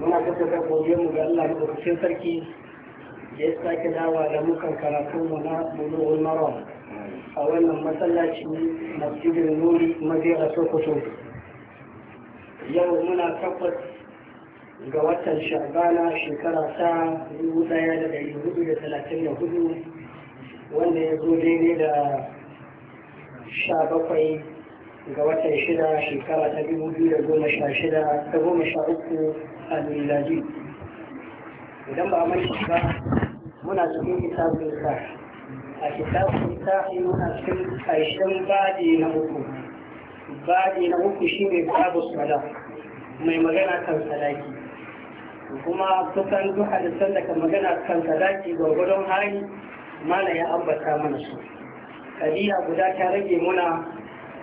muna da godiyar mu ga Allah madaukakin sarki da ya sake dawa da mukan karatu mu na bulughul maram a wannan masallaci masjidin nuri madina sokoto yau muna tabbat ga watan sha'bana shekara ta dubu daya da dari hudu da talatin da hudu wanda ya zo daidai da sha bakwai ga watan shida shekara ta dubu biyu da goma sha shida ta goma sha uku al-milaji idan ba mai ba muna cikin kitabun sa a kitabun sa muna cikin karshen baji na uku baji na uku shi ne babu sala mai magana kan sadaki. kuma kusan duk hadisan da kan magana kan sadaki gwargwadon hali mana ya ambata mana su kadiya guda ta rage muna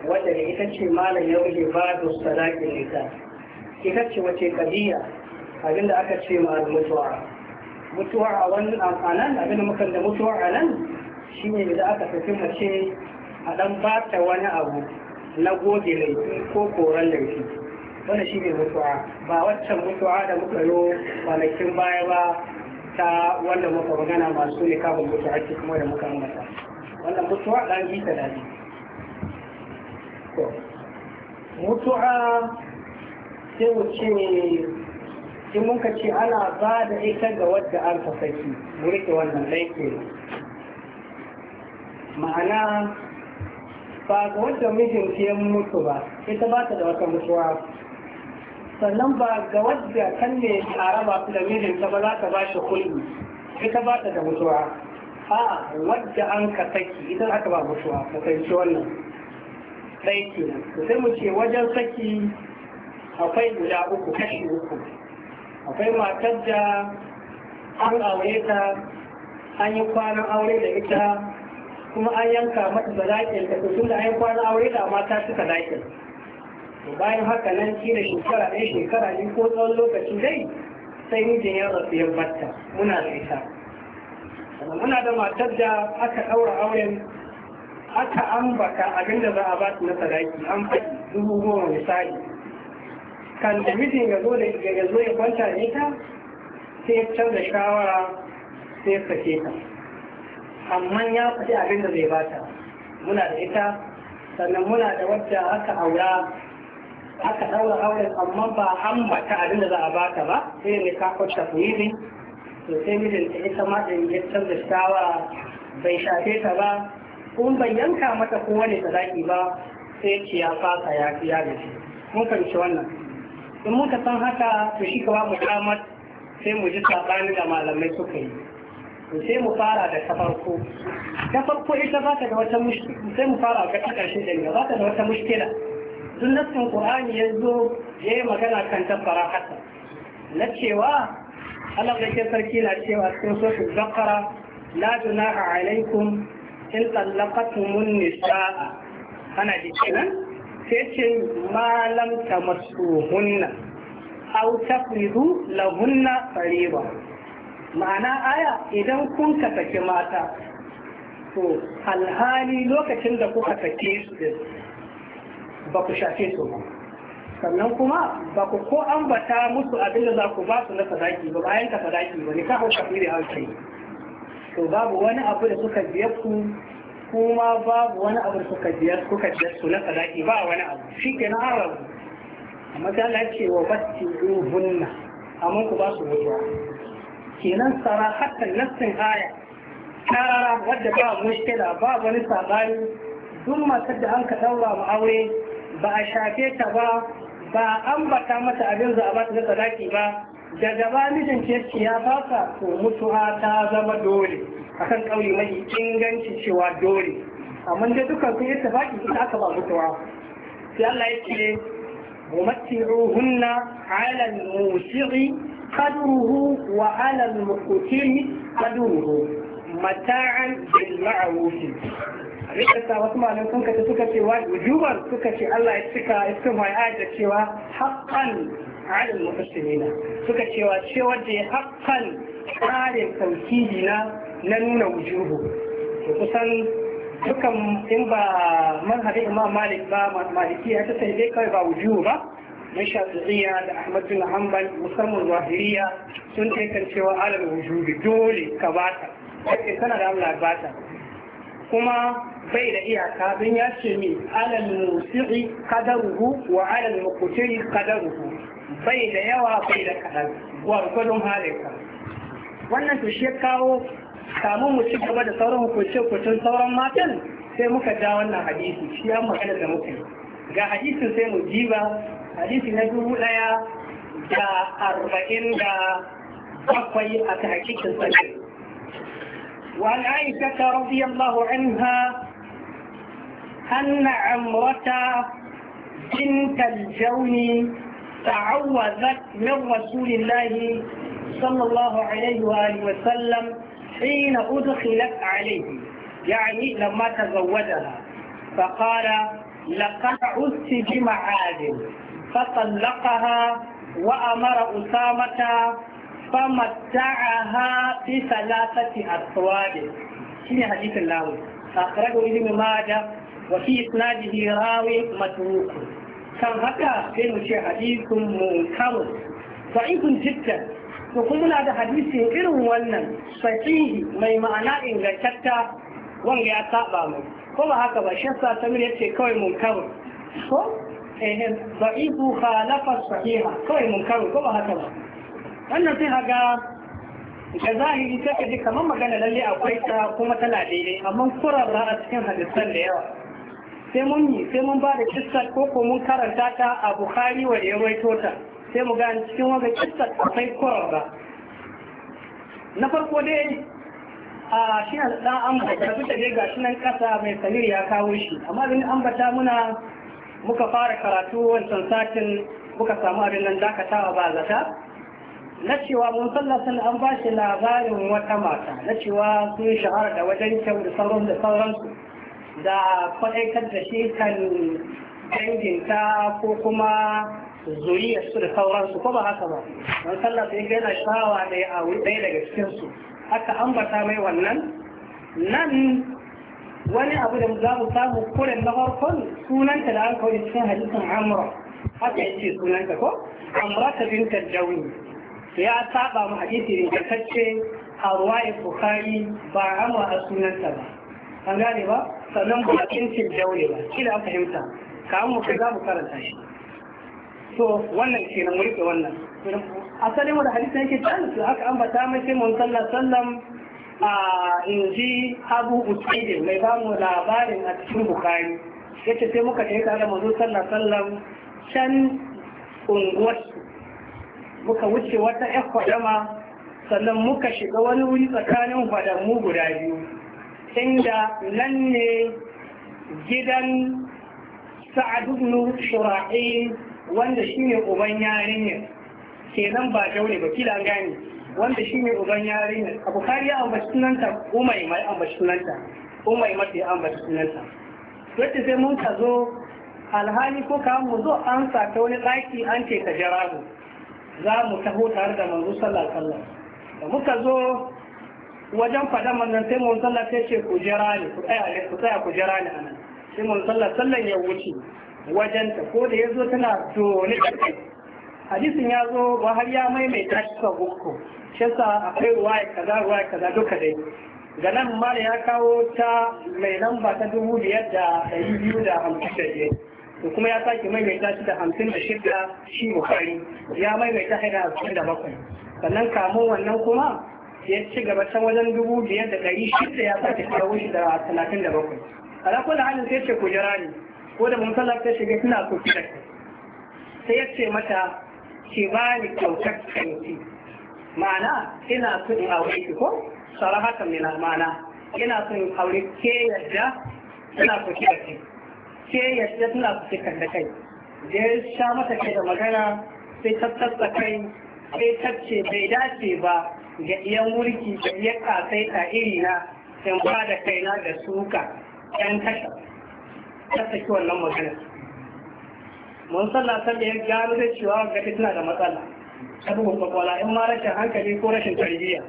wadda da ita ce malam ya wuce babu sadakin nisa ita ce wace abin da aka ce ma mutuwa mutuwa a wannan abin da muka da mutuwa a nan shi ne da aka tafi mace a dan ba ta wani abu na goge laifi ko koran laifi wanda shi ne mutuwa ba waccan mutuwa da muka yi kwanakin baya ba ta wanda muka magana masu ne kafin mutuwa ake kuma da muka ambata wannan mutuwa dan yi ta dadi mutuwa sai mu ce in ka ce ana ba da ita ga wadda an ka saki mu rike wannan dai ma'ana ba ga wadda mijin ya mutu ba ita ba ta da wata mutuwa sannan ba ga wadda kan ne a raba su da mijinta ba za ka ba shi kulli ita ba ta da mutuwa a'a wadda an ka saki idan aka ba mutuwa ka fahimci wannan ɗaya sai mu ce wajen saki akwai guda uku kashi uku akwai matar da an aure ta an yi kwanan aure da ita kuma an yanka mata da zaƙin da kusur da an yi kwanan aure da mata suka zaƙin bayan haka nan shi da shekara ɗaya shekara ne ko tsawon lokaci dai sai mijin ya rasu ya batta muna da ita muna da matar da aka ɗaura auren aka ambata abinda za a ba su na sadaki an faɗi dubu goma misali kan da mijin ya zo da ya zo ya kwanta ne ta sai ya canza shawara sai ya sake ta amma ya faɗi abin da zai bata muna da ita sannan muna da wacce aka aura aka daura auren amma ba bata abin da za a bata ba sai ne ka kwanta ku yi to sai mijin ta ita ma da ya canza shawara bai shafe ta ba kun bai yanka mata kowane sadaki ba sai ce ya fasa ya fi ya shi mun fahimci wannan in muka san haka to shi kawa mu damar sai mu ji sabani da malamai suka yi to sai mu fara da ta farko ta farko ita za ta da wata mushkila sai mu fara ga karshe da za ta da wata mushkila tun nassin qur'ani ya zo ya yi magana kan tabbara haka na cewa Allah da ke sarki na cewa cikin sosu zakara la junaha alaikum in tallaqatumun nisaa ana ji sai ce malam ta masu hunna au la hunna fariba ma'ana aya idan kun ka saki mata to alhali lokacin da kuka saki su ba ku shafe su ba sannan kuma ba ku ko ambata musu abinda za ku ba su na sadaki ba bayan ka sadaki ba ni kawo kafiri an to babu wani abu da suka biya ku kuma babu wani abu da suka biyar suka biyar su na sadaki ba wani abu shi ke na amma ta ce wa batti ruhunna amma ku ba su mutuwa kenan tsara hatta nassin aya tarara wadda ba mushkila ba wani sabani duk matar da an ka wa mu aure ba a shafe ta ba ba an mata abin za a ba ta sadaki ba daga ba mijin ce ya ba ka mutuwa ta zama dole akan kauye mai inganci cewa dole amma dai dukkan sun yi tafaki ita aka ba mutuwa sai Allah ya ce ممتعوهن على الموسع قدره وعلى المقتل قدره متاعا بالمعروف ta wasu malam sun kace suka ce wa wujuban suka ce Allah ya cika istimai ayat cewa haqqan ala almuhsinina suka cewa cewa da haqqan tsarin tauhidi na na nuna wujuhu to kusan dukan in ba manhajin imam malik ba maliki ya ta sai dai kai ba wujuhu ba na shafi'iyya da ahmad bin hanbal musamman zahiriya sun taikan cewa alal wujuhu dole ka bata kai kana da Allah bata kuma bai da iyaka don ya ce mi alal musiri kadaruhu wa alal muqtiri kadaruhu bai da yawa bai da kadan gwargwadon halinka wannan to shi kawo kamun mu ci gaba da sauran hukunce-hukuncen sauran matan sai muka ja wannan hadisi shi ya magana da muka ga hadisin sai mu jiba hadisi na dubu daya da arba'in da bakwai a ta hakikin sanin وعن عائشة رضي الله عنها أن عمرة بنت الجون تعوذت من رسول الله صلى الله عليه وآله وسلم حين أدخلت عليه يعني لما تزوجها فقال لقد عزت بمعاد فطلقها وأمر أسامة فمتعها بثلاثة أصوات شنو حديث الله أخرجه ابن ماجه وفي إسناده راوي متروك كان هكا شيء حديث منكر ضعيف جدا to kuma muna da hadisi irin wannan sahihi mai ma'ana ingantatta wanda ya saba mu ko ba haka ba shi yasa samir yace kawai karu ko eh da'ifu khalafa sahiha kawai karu ko ba haka ba wannan sai haga da zahiri ta ka ji kamar magana lalle akwai ta kuma tana daidai amma kurarra a cikin hadisan da yawa sai mun yi sai mun ba da kissa ko ko mun karanta ta a bukhari wa ya ta sai mu gane cikin wanda kissa akwai kwararra na farko dai a shi na ɗan ambata dai ga shi nan ƙasa mai salir ya kawo shi amma abin ambata muna muka fara karatu wancan satin muka samu abin nan dakatawa ba zata na cewa mun sallasan an ba shi labarin wata mata na cewa sun shahara da wajen kyau da sauran da sauransu da kwaɗaikar da shi kan danginta ko kuma su da sauransu ko ba haka ba don sallah sai ga shawa da ya awi ɗaya daga cikinsu an ambata mai wannan nan wani abu da za mu samu kuren na farkon sunanta da an kawai cikin hadisin amra haka yace sunanta ko amra ta binta jawi ya saba mu hadisi ingantacce a ruwaya bukhari ba amra a sunanta ba an gane ba sannan ba a cikin jawi ba shi da aka himta kamun mu ka za mu karanta shi to wannan ke mu rike wannan asalin wani hadisi yake dan su haka an bata mai sai mun sallar sallam a inji Abu Usaid mai ba mu labarin a cikin Bukhari yace sai muka ta tare manzo sallar sallam can unguwar muka wuce wata ƴar kwadama sannan muka shiga wani wuri tsakanin kwadamu guda biyu inda nan ne gidan sa'ad ibn shura'il wanda shi ne uban yarinyar kenan ba daure ba kila gani wanda shi ne uban yarinyar a bukari ya ambaci sunanta umai mai ambaci sunanta umai mafi ambaci sunanta yadda sai mun ka zo alhali ko ka mu zo an sa ta wani tsaki an ce ka jira mu za mu taho tare da manzo sallallahu sallah wasallam da muka zo wajen faɗan manzon sai mun sallah sai ce ku jira ni ku tsaya ku tsaya ku jira ni anan sai mun sallah sallan ya wuce wajenta ko da ya zo tana tone da kai hadisin ya zo ba har ya maimaita shi sau uku shi sa akwai ruwa ya kaza ruwa ya kaza duka dai ga nan da ya kawo ta mai lamba ta dubu biyar da ɗari biyu da hamsin da biyar to kuma ya sake maimaita shi da hamsin da shida shi bukari ya maimaita shi da hamsin da bakwai sannan kamo wannan kuma ya ci gaba ta wajen dubu biyar da ɗari shida ya sake kawo shi da talatin da bakwai ala da halin sai ce kujera ne ko da munkalar ta shiga suna so ki sai ya ce mata ki ba ni kyautar kanki ma'ana ina son in aure ki ko sarahatan min ma'ana ina son in aure ke yadda suna so ki dace ke yadda suna so ki da kai da ya sha mata ke da magana sai ta tsatsa kai sai ta bai dace ba ga iyan mulki da iya kasai ta iri na in ba da kaina da suka yan kashe tattake wannan magana mun sallah san da ya gano da cewa ga tana da matsala ta kuma kwala in ma rashin hankali ko rashin tarbiyya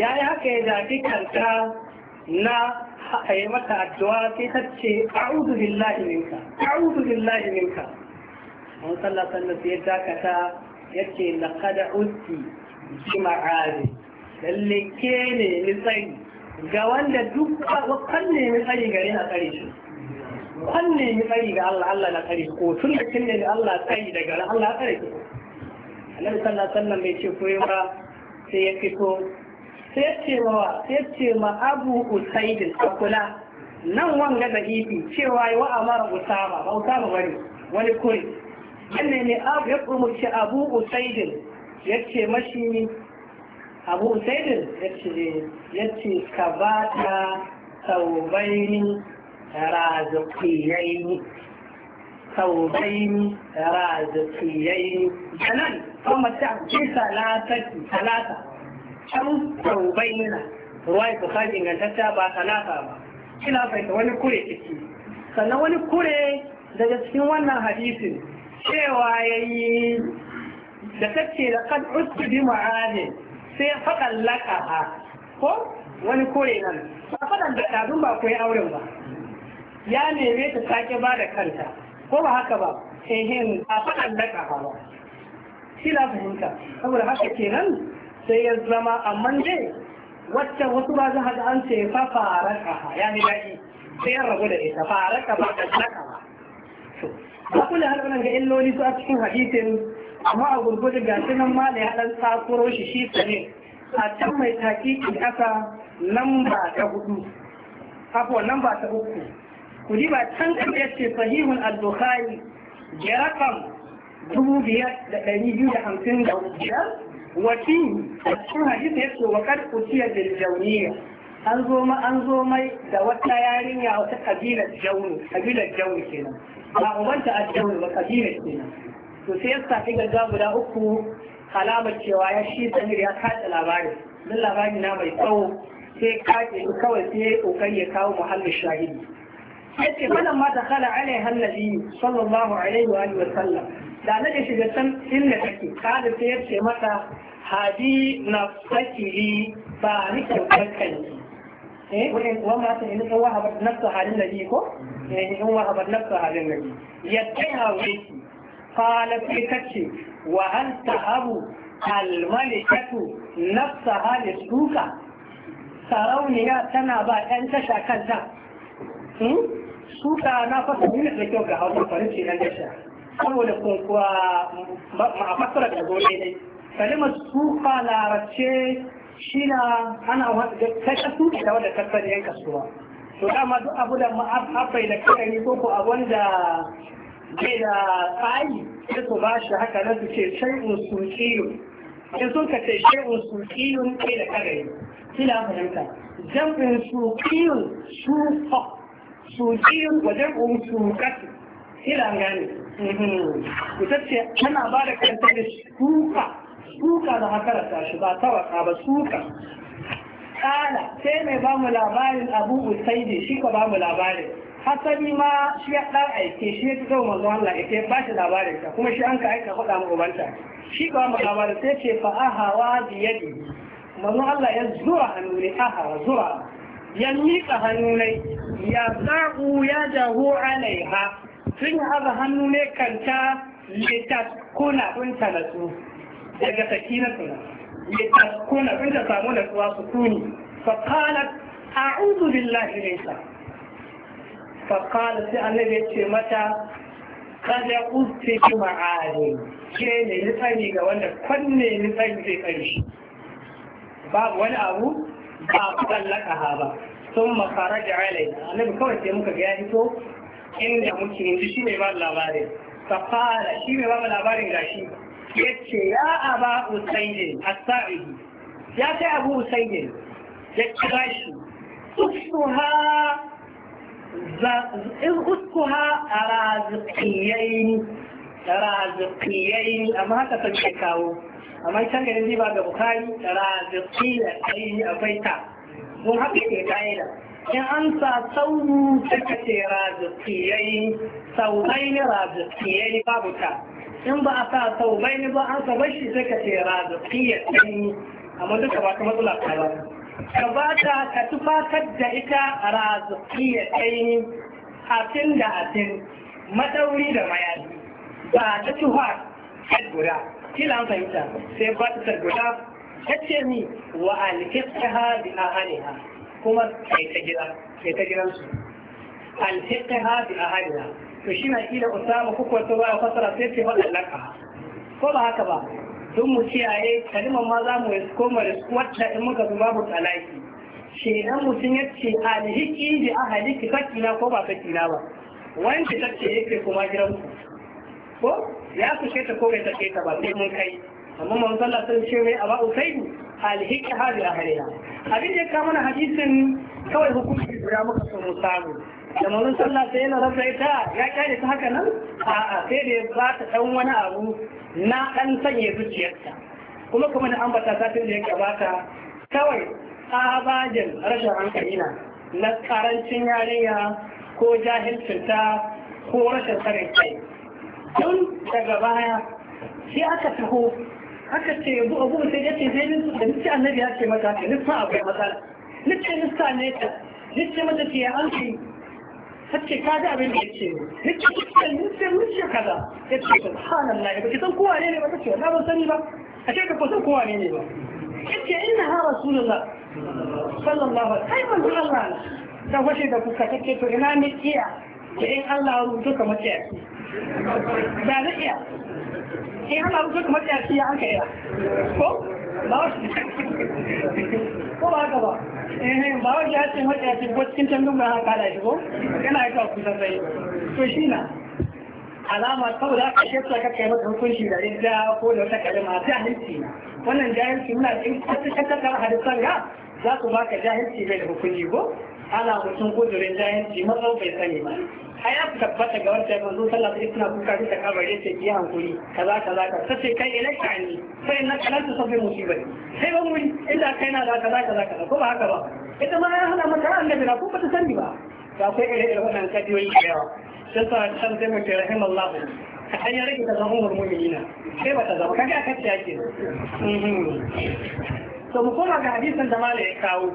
ya yi haka ya zafi kanta na a yi mata addu'a sai ta ce "A'udu billahi minka a'udhu billahi minka mun sallah san da ya dakata yake laqad uski, bi lalle ke ne ni ga wanda duk kan ne ni tsari gare na tsari shi an nemi tsari ga Allah Allah na tsari ko tun da kin nemi Allah tsari daga Allah ya tsare ki annabi sallallahu alaihi wasallam bai ce ko yawa sai ya fito sai ce wa sai ce ma Abu Usaid akula nan wanga da ifi cewa wa amara Usama ba Usama bane wani kuri yanne ne Abu ya ce Abu Usaid ce mashi Abu Usaid yace yace ka bata taubaini رازقيين ثوبين رازقيين جنان ثم بثلاثة ثلاثة شم ثوبين رواية بخاري إن تتابع ثلاثة كلا fahimta wani kure ciki sannan wani kure daga cikin wannan hadisin cewa ya yi da take da kan ustu bi ma'adin sai faɗan laka ko wani kure nan ba faɗan da ɗazun ba ku yi auren ba ya neme ta sake ba da kanta ko ba haka ba ehem a faɗan da ba shi na fahimta saboda haka kenan sai ya zama amma dai wacce wasu ba za ga an ce fa faraka ya ne daɗi sai ya rabu da ita faraka ba da saka ba ba kula har ga illoli su a cikin hadisin amma a gurgudu ga shi nan ma da ya ɗan shi shi sane a can mai taƙiƙin ƙasa lamba ta hudu afuwa lamba ta uku ku ba can kan ce sahihun al-bukhari ya rakam dubu biyar da ɗari biyu da hamsin da biyar wafi a cikin hadisi ya ce wa ku utiya bil Jauniya. an zo ma an zo mai da wata yarinya wata kabilar jauni kabilar jaunu kenan ba wanta a jaunu ba kabilar kenan to sai ya saki gaggawa guda uku alamar cewa ya shi samir ya kace labarin don labari na mai tsawo sai kace kawai sai ya kokari ya kawo muhallin shahidi yace falan ma da kala alaiha annabi sallallahu alaihi wa sallam da nake shiga can inda take kada sai yace mata hadi na fakiri ba ni kankan eh wama ta in wahaba nafsu halin nabi ko eh in wahaba nafsu halin nabi yace hawe قال فيكتي وهل تهب الملكة halis للسوكة sarauniya tana ba 'yan tasha kanta hmm? suka na fasa nuna da kyau ga hausa farinci na gasha saboda kunkuwa a fasara da gobe ne kalimar suka larabce shi na ana wanda ta kasu da wadda ta yan kasuwa to dama duk abu da ma'afai da kakari ko ko abu wanda bai da tsayi ya su ba shi haka na su ce shai'un sulkiyun in sun ka ce shai'un sulkiyun kai da kakari kila fahimta jam'in sulkiyun sufa sukiyin wajen um sukatu ila gane ita ce ana ba da kanta da suka suka da makaranta shi ba tawaka ba suka kala sai mai ba mu labarin abu usaidi shi ka ba mu labarin hasali ma shi ya ɗan aike shi ya fito manzo Allah ita ba shi labarin ta kuma shi an ka aika faɗa mu ubanta shi ka mu labarin sai ce fa ahawa bi yadi manzo Allah ya zura hannu ne ahawa zura ya miƙa hannunai ya za'u ya jaho alaiha sun haɗa hannunai kanta na ɗin ta su daga saki na litaskuna ɗin ta samu natsuwa su kuni faƙalat a'udhu billahi sa. faƙalat sai annabi ya ce mata kada usti ki ma'ari ke ne ni ga wanda kwanne ni zai tsari babu wani abu ba tsallaka ha ba sun makara da alai annabi kawai sai muka ga ya hito inda muke yanzu shi ne ba labarin fafara shi ne ba labarin gashi ya ce ya aba usaidin sa'idu. ya kai abu usaidin ya kira shi uksuha uksuha a razikiyayi razikiyayi amma haka sun kawo amma can garin ba ga bukari raziqiyya sai akwai ta mun haka ke ka'ida in an sa sauru take ce raziqiyai saurai raziqiyai babu ta in ba a sa ne ba an sa bashi take ce raziqiyya sai amma duka ba ta matsala ta ba ka ba ta ka tufatar da ita raziqiyya sai atin da atin madauri da mayafi ba ta tuhar guda kila an fahimta sai ba ta tarbuta ta ce ni wa alfiqha bi ha kuma kai ta gina kai ta gidan su alfiqha bi ahliha to shi na kila usama ko ko ba a fasara sai ce ba laka ko ba haka ba don mu kiyaye kalimar ma za mu koma da wata in muka zuba mu talaki kenan mutum ya ce alhiki bi ahliki fakina ko ba fakina ba wanda ta ce yake kuma gidan su. ko ya ce ta ko bai ce ta ba sai mun kai amma mun sun ce mai aba usaidu alhiqi hadi ahliha abin da ka mana hadisin kawai hukunci guda muka so mu samu da mun sallah sai yana rabai ta ya kare ta haka nan a'a sai da ba ta dan wani abu na dan sanya zuciyarta kuma kuma da ambata satin da ya gabata kawai tsabagen rashin hankali na na karancin yarinya ko jahilcinta ko rashin sanin kai tun daga baya sai aka taho aka ce yanzu abu sai ya ce zai nisu da nisu annabi ya ce mata ka nisu akwai matsala nisu nisu ne ta nisu mata ce ya an ce sace ka ga abin da ya ce nisu nisu nisu nisu kaza ya ce subhanallah ba ki san kowa ne ne ba kace na ban sani ba a ce ka kusan kowa ne ne ba kace inna ha rasulullah sallallahu alaihi wasallam ai manzo Allah da washe da kuka kace to ina ne iya da in Allah ya rubuta kamar tsayaki ba zai iya in Allah ya rubuta kamar tsayaki ya aka iya ko ba ko ba haka ba eh ba wa ya ce mata ya ce ko cikin tandun ba haka da shi ko yana ga kusa sai to shi na alama saboda aka shekta ka kai mata hukunci da rinda ko da wata kalma ta hanci wannan jahilci muna cikin kasar kasar hadisan ya za ku baka jahilci bai da hukunci ko ana mutum kudurin jayanci matsau bai sani ba ai aka tabbata ga wata yamma zo sallah sai suna kuka ta kabare ta ki hankuri kaza kaza ka sace kai ilaika ne sai na kalanta sabbin musibai sai ban wuri illa kai na da kaza kaza kaza ko ba haka ba ita ma ya hana mata an na ko ba ta sani ba ga kai ire irin wannan kadiyoyi da yawa sai sa san sai mutum rahimallahu Ka hanyar rage ta zama umar mu'minina sai ba ta zama kaga aka ce ake so mhm. mu koma ga hadisin da malai ya kawo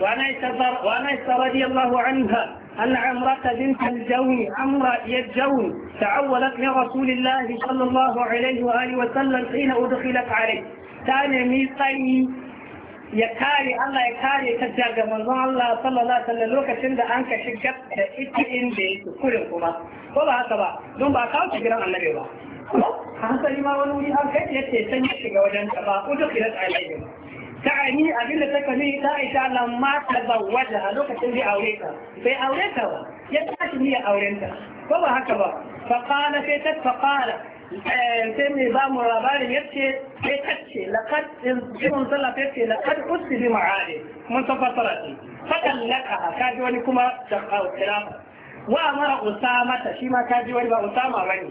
وانيسه رضي الله عنها ان عمره بنت الجون عمره يجوني تعولت لرسول الله صلى الله عليه واله وسلم حين ادخلت عليه ثاني ميقي يكاري الله يكاري تجاغ من الله صلى الله عليه وسلم لوكا شند انك شجت ات ان دي كل القوم طبعا طبعا دون بقى كاوت غير ان النبي الله حتى لما ولو يحب يتسنى في جوجان ادخلت عليه تعني أبين تكني تائشة لما تزوجها لو كتنبي أوليتا في أوليتا يتعشني أوليتا فما هكذا فقال فيتت فقال سمي آه، بام الربان يبكي فيتت لقد جمن صلى فيتت لقد أسي بمعالي من تفطرتي فطلقها كاجواني كما شقاو الخلافة وأمر أسامة شيما كاجواني بأسامة بني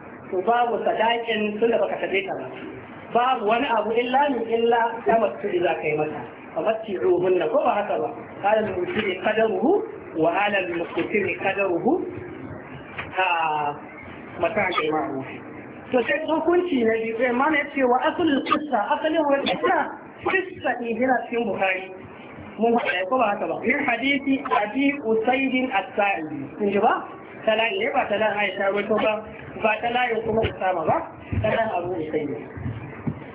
to babu sadakin tunda baka sade ta ba babu wani abu illa min illa tamattu idza kai mata famatti'uhunna ko ba haka ba qala al-mutiri qadaruhu wa ala al-muqtiri qadaruhu ha mata kai ma'ruf to sai hukunci na biyu sai mana yace wa asalul qissa asalin wa qissa qissa ne yana cikin bukhari mun faɗa ko ba haka ba min hadisi abi usaidin as-sa'idi kun ji ba ta layi ba ta nan aisha wato ba ba ta layi kuma sama ba ta nan abu usai ne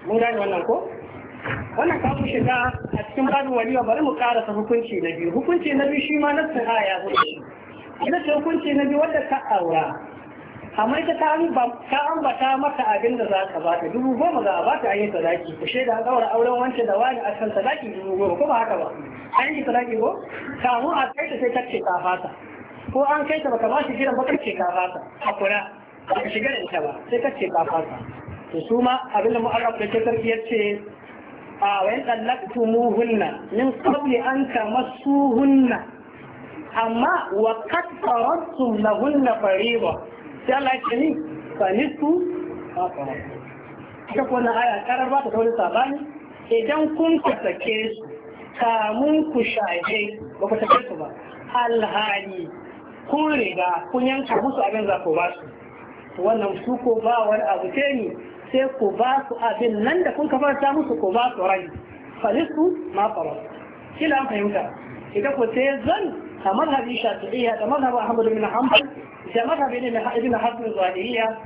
mun gane wannan ko wannan ka mu shiga a cikin babin waliwa bari mu karasa hukunci na biyu hukunci na biyu shi ma na tsaya ya hukunci ina ce hukunci na biyu wanda ta aura amma ita ta ka ambata mata abin da za ka bata dubu goma za a bata an yi sadaki ku shaida an daura auren wance da wani a kan sadaki dubu goma ko ba haka ba an yi sadaki ko kamun a kai ta sai ta ce ta fata ko an kai ta baka ba shi gidan baka ce ka fasa hakura ka shiga da ita ba sai ka ce ka fasa to su ma abin da mu'arraf da ke sarki yace a wayan tallaqtumuhunna min qabli an tamassuhunna amma wa qad faradtum lahunna fariida sai Allah ya ce ni fa nisu ita ko aya karar ba ta kawo sabani idan kun ka sake su kamun ku shaje ba ku sake su ba alhali kun riga kun yanka musu abin za ku ba su wannan su ko ba wani abu ce ni sai ku ba su abin nan da kun kafarta musu ko ba su rai falisu ma faru kila an fahimta ita ko sai zan a mazhabi shafi'iyya da mazhabin ahmad bin hanbal da mazhabin ibn hasan zuwaiyya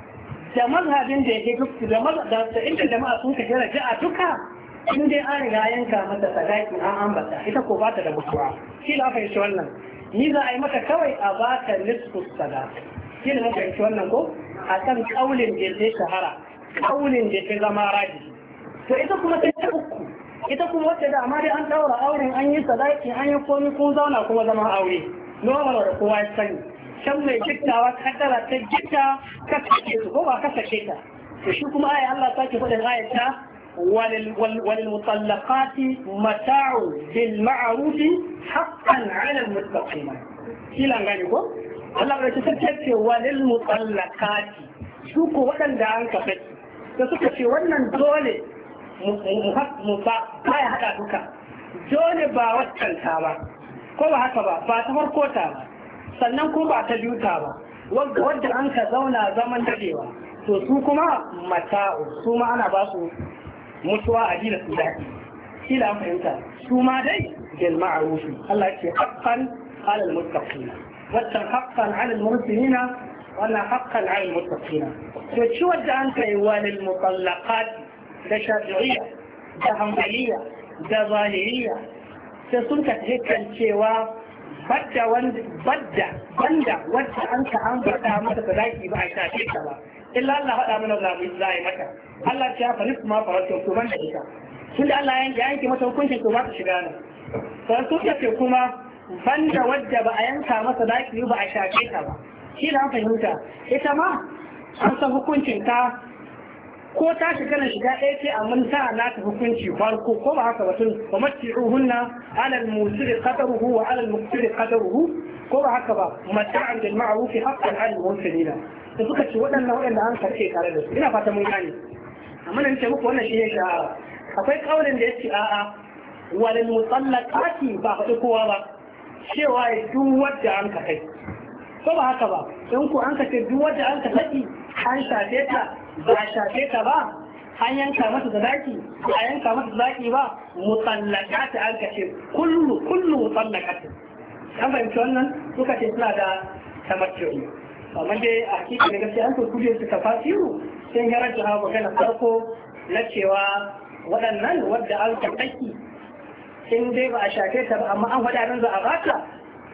da mazhabin da yake duk da da inda jama'a sun kace raja'a duka in dai an riga yanka mata sadaki an ambata ita ko ba ta da mutuwa kila aka yi wannan ni za a yi maka kawai a baka nisfu sada shi ne muka yanki wannan ko a kan kaulin da ya shahara kaulin da ya zama raji to ita kuma sai ta uku ita kuma wacce da amma dai an daura auren an yi sadaki an yi komi kun zauna kuma zama aure normal da kowa ya sani can mai jittawa kaddara ta jitta ka sake su ko ba ka sake ta to shi kuma ayi Allah sake faɗin ayata وللمطلقات متاع بالمعروف حقا على المتقين kila gani ko Allah bai ta ce walil mutallaqati su waɗanda an kafa da suka ce wannan dole kai hada duka dole ba waccan ta ba ko ba haka ba ba ta farko ta ba sannan ko ba ta biyu ta ba wadda an ka zauna zaman dadewa to su kuma mata'u su ma ana ba su mutuwa a gina su daɗi kila fahimta su ma dai bil ma'ruf Allah ya ce haqqan alal muttaqina wannan haqqan alal mursalina wannan haqqan alal muttaqina to ci wadda an kai walil mutallaqat da shafi'iyya da hanbaliya da zahiriya sai sun ka kan cewa badda wanda badda wanda wanda an ka an faɗa masa sadaki ba a shafe ta ba illa Allah faɗa mana za mu za yi mata Allah ya fa nisma faratu to ban da ita tun da Allah ya yanke mata hukuncin to ba ta shiga nan sai su ce kuma banda wadda ba a yanka masa daki ba a shafe ta ba shi da an fahimta ita ma an san hukuncin ta ko ta shiga na shiga ɗaya ce a mun sa na ta hukunci farko ko ba haka batun wa matti'uhunna alal musiri qadaruhu wa alal muqtiri qadaruhu ko ba haka ba mata'an bil ma'ruf haqqan al muhsinina da suka ci waɗannan waɗanda an karfe tare da su ina fata mun gane amma nan ce muku wannan shi ne shahara akwai kaulin da yake a'a walil mutallaqati ba faɗi kowa ba cewa ya duk wadda an ka kai ko ba haka ba in ku an ka ce duk wadda an ka kai, an shafe ta ba shafe ta ba an yanka mata zaki a yanka mata zaki ba mutallaqati an ka ce kullu kullu mutallaqati an fahimci wannan suka ce suna da tamattuni amma dai a kika daga gaskiya an kurkuje su tafasiru sun yaranta hawa magana farko na cewa waɗannan wadda an tattaki in dai ba a shafe ta ba amma an nan za a baka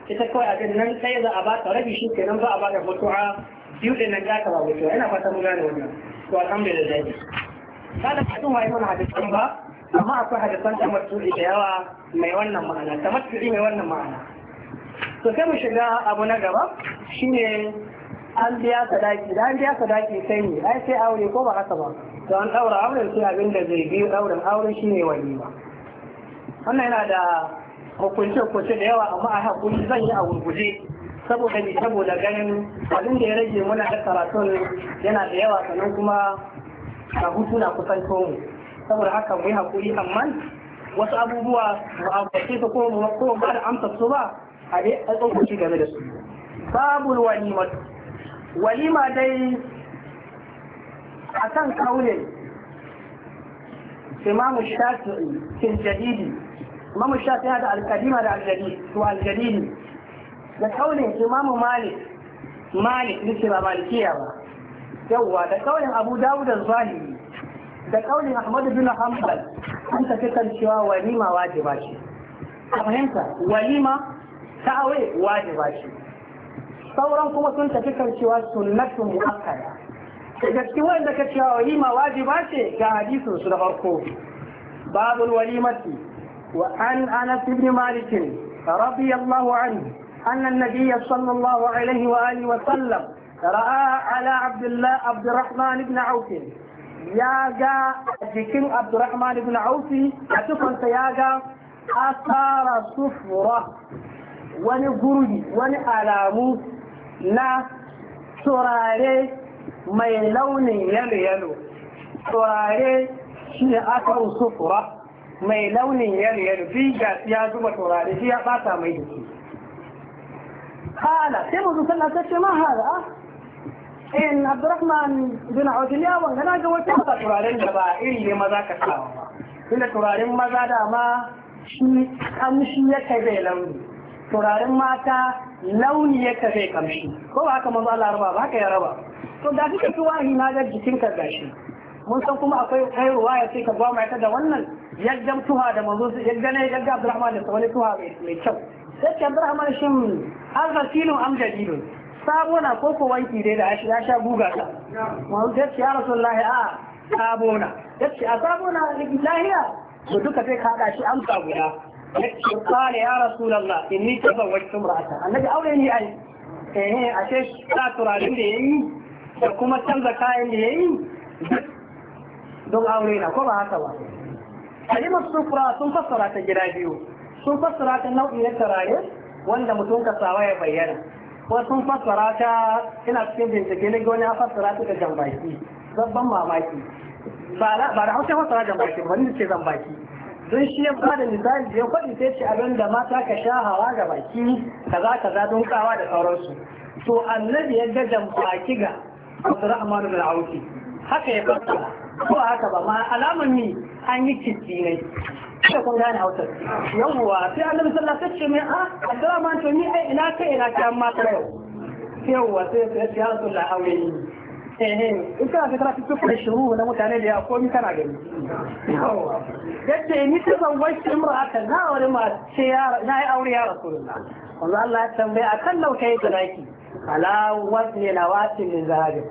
ita kawai abin nan sai za a baka rabi shi nan ba a baka mutuwa biyu ɗin nan gata ba mutuwa ina fata mun gane wannan to alhamdulillah kada ka tun waye mana hadisan ba amma akwai hadisan tamattu'i da yawa mai wannan ma'ana tamattu'i mai wannan ma'ana to sai mu shiga abu na gaba shine an biya sadaki da an biya sadaki sai ne ai sai aure ko ba haka ba to an daura auren sai abinda da zai biyu daurin auren shine wani ba wannan yana da hukunci hukunce da yawa amma a hakuri zan yi a gurguje saboda ni saboda ganin abin da ya rage muna da karatun yana da yawa sannan kuma a hutu na kusan tomu saboda haka mu yi hakuri amma wasu abubuwa ba a bace su ko ba da amsa su ba a dai a tsokoki game da su babu wani walima dai a kan kaune imamu shafi'i fil jadidi imamu shafi'i da alkadima da aljadi to aljadidi da kaune imamu malik malik nake ba malikiya ba yawwa da kaune abu dawud zahiri da kaune ahmadu bin hanbal an tafi kan cewa walima wajiba ce a fahimta walima ta aure wajiba ce sauran kuma sun tafi kan cewa sunnatu muakkada daga cikin wanda ka cewa walima wajiba ce ga hadisin su da farko babul walimati wa an anas ibn malik radiyallahu anhu أن النبي صلى الله عليه وآله وسلم رأى على عبد الله عبد الرحمن بن عوف ya ga jikin abdurrahman ibn aufi a tufansa ya ga asara sufura wani gurbi wani alamu na turare mai launin yalo-yalo turare shi ne akarin sufura mai launin yalo-yalo fi ga ya zuba turare shi ya bata mai jiki kala sai mu zuwa ta ce ma hada in abdurrahman bin auduliya wanga na ga wata ba turaren da ba iri ne maza ka sa ba tunda turaren maza da ma shi kamshi ya kai bai launi turaren mata launi ya kafe kamshi ko ba haka maza laraba ba haka ya raba to da kika tuwahi na ga jikinka gashi mun san kuma akwai kaiwa ya sai ka ba mai da wannan yaddam tuha da manzo su ne yadda Abdurrahman da wani tuha mai kyau sai ka Abdurrahman shin an rasilu am jadidu sabo na ko ko wanki dai da shi ya sha guga ta manzo sai ya rasulullahi a sabo na a sabo na lahiya to duka sai ka hada shi amsa guda yake kare ya rasulullah zan tazawwajtu imra'ata annabi aure ni ai eh ashe ta turarin da yayi da kuma canza kayan da yayi don aure na ko ba haka ba kalimar sufra sun fassara ta gida biyu sun fassara ta nau'i na taraye wanda mutum kasawa ya bayyana ko sun fassara ta ina cikin bincike na gani a fassara ta da jambaki babban mamaki ba da hausa fassara jambaki ba ni ce zambaki don shi ya bada misali ya kwaɗi sai ce abin da mata ka sha hawa ga baki kaza kaza don kawa da sauransu to annabi ya ga baki ga Abdurrahman bin Auki haka ya fassara ko haka ba ma alamun ni an yi kitti ne da kun gane hausar yawwa sai annabi sallallahu alaihi wasallam ya ce a ah, Abdurrahman to ni ai ina kai ina kan mata yau yawwa sai ya ce ya Rasulullah aure ni Eh, in kana ta fi duk da shiru na mutane da ya komi kana gani yadda ni ta zan wasu imra'atan na wani mace na yi aure ya rasulullah wanzu Allah ya tambaya akan lauta yi tunaki ala wasu na wasu min zahabi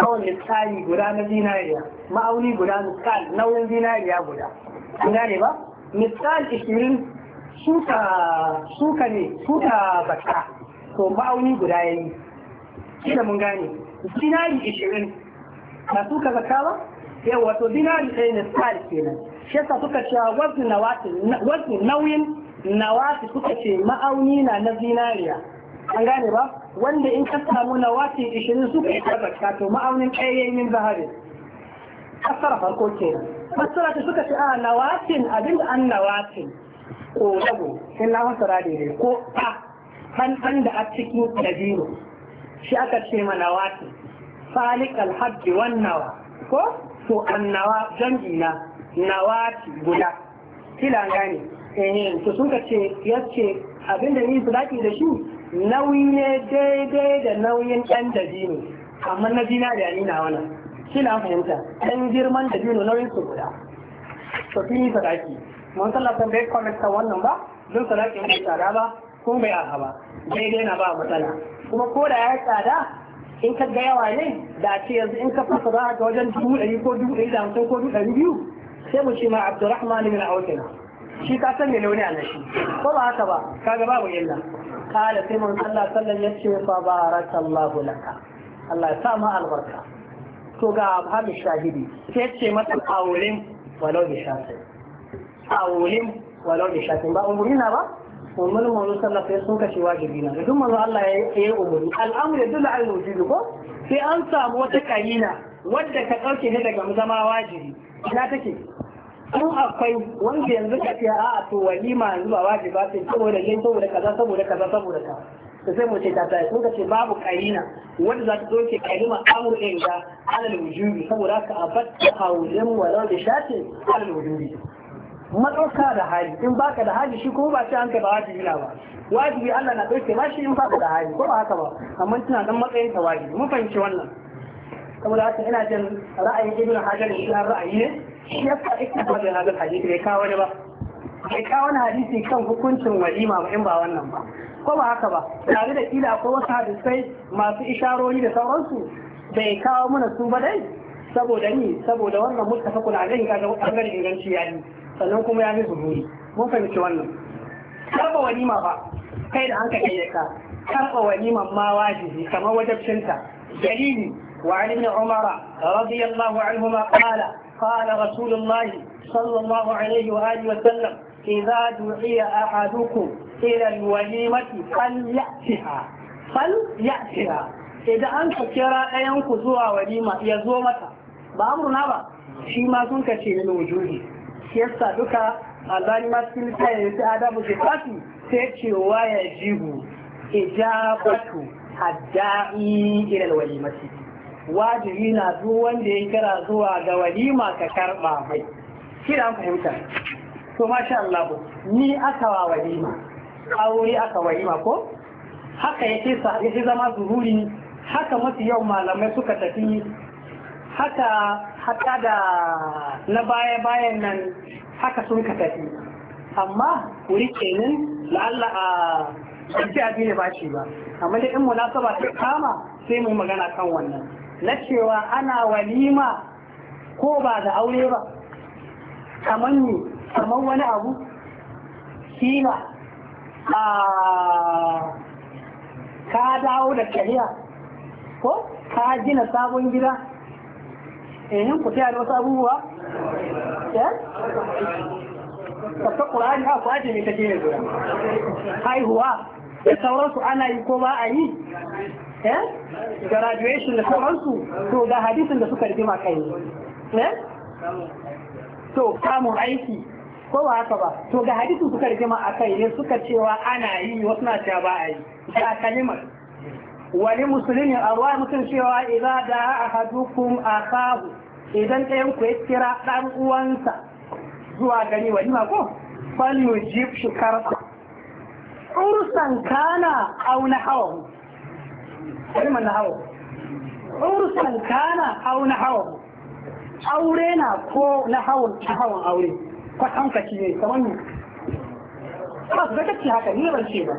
awon littari guda na zinariya ma'auni guda misal nauyin zinariya guda an gane ba misal ishirin suka suka ne suka baka to ma'auni guda ya yi shi da mun gane dinari ishirin ba su ka zaka ba sai wato dinari ɗaya ne ke kenan shi yasa suka ce wasu wasu nauyin nawati suka ce ma'auni na na zinariya an gane ba wanda in ka samu nawati ishirin suka yi zaka to ma'aunin yin zahari fassara farko kenan fassara ta suka ce a nawatin da an nawatin ko rago in na fassara daidai ko ta ɗan da a cikin dabino shi aka ce ma nawati salikal hajji wan nawa ko to annawa jam'i na nawati guda kila gane eh to sun ka ce yace abinda ni zaki da shi nauyi ne daidai da nauyin dan dino amma na dina da ni na wannan kila fahimta dan girman da dino nauyin su guda to kin yi sadaki mun sallah san bai kwamenta wannan ba don sadaki mai tsada ba ko bai arha ba daidai na ba matsala kuma ko da ya tsada in ka ga yawa ne da ce yanzu in ka fasa za ga wajen dubu ɗari ko dubu ɗari da hamsin ko dubu ɗari biyu sai mu ce ma abdurrahman ibn awfina shi ka san mene a nashi ko ba haka ba kaga babu illa kala sai mun Allah sallan ya ce fa barakallahu laka Allah ya sa ma albarka to ga abu shahidi sai ce mata wurin walau bi shafi wurin walau bi shafi ba umurina ba ومن من صلى في سوك شي واجبي نا دون من الله يي امري الامر يدل على الوجوب كو sai an samu wata karina wadda ka dauke ne daga zama wajibi ina take in akwai wanda yanzu ka ce a'a to walima yanzu ba wajiba ce saboda yayi saboda kaza saboda kaza saboda ka to sai mu ce ta ta sun ce babu karina wanda za ta doke kalima amur din ga alal wujubi saboda ka abatta hawlin walau da shatin alal wujubi matsauka da Haji, in baka da Haji shi kuma ba ce an kai ba wajibi na ba wajibi Allah na ɗauke ba shi in baka da Haji ko ba haka ba amma tana dan matsayin ta wajibi mun fahimci wannan saboda haka ina jin ra'ayin ibn hajar ne ina ra'ayi ne shi ya sa ake ba da hadal hadisi bai kawo wani ba bai kawo wani hadisi kan hukuncin walima ba in ba wannan ba ko ba haka ba tare da kila akwai wasu hadisai masu isharori da sauransu bai kawo mana su ba dai saboda ni saboda wannan mutafakun alaihi kaga wannan inganci yayi sannan kuma ya fi zuhuri mun fahimci wannan karba walima ba kai da hanka kai ka karba walima ma wajibi kamar wajabcinta dalili wa ali ibn umara radiyallahu anhuma qala qala rasulullah sallallahu alaihi wa alihi wa sallam idza du'iya ahadukum ila alwalimati falyatiha falyatiha idan an ka kira ɗayan ku zuwa walima ya zo mata ba amurna ba shi ma sun kace ne wujuhi shi yasa duka albani ma cikin littafin ya ce adabu ke fasi sai cewa ya jibu ijabatu adda'i ilal walimati wajibi na duk wanda ya kira zuwa ga walima ka karba mai shi da an fahimta to masha Allah ni aka wa walima aure aka walima ko haka yake yake zama zuhuri haka mafi yau malamai suka tafi haka hatta da na baya-bayan nan haka sun ka tafi amma wuri kenan la'alla a kwanci abi ne ba shi ba amma dai in munasaba ta kama sai mu magana kan wannan na cewa ana walima ko ba da aure ba kamar ni kamar wani abu kila a ka dawo da kariya ko ka gina sabon gida ehin ku da wasu abubuwa eh ta Qur'ani ha ku aje ne take ne guda haihuwa da sauransu ana yi ko ba a yi eh? Da graduation da sauransu to ga hadisin da suka rigima kai eh to samun aiki ko ba haka ba to ga hadisin suka rigima a kai ne suka cewa ana yi wasu na cewa ba a yi ga kalimar wani musulmi a ruwa mutum cewa idza da ahadukum akahu idan ɗayan ku ya kira ɗan uwansa zuwa gani wa ima ko falyu jif shi karfa ursan kana auna na hawa kalmar na hawa ursan kana auna hawa aure na ko na hawan hawa aure kwatankaci ne kamar ne ba su zaka ce haka ne ban ce ba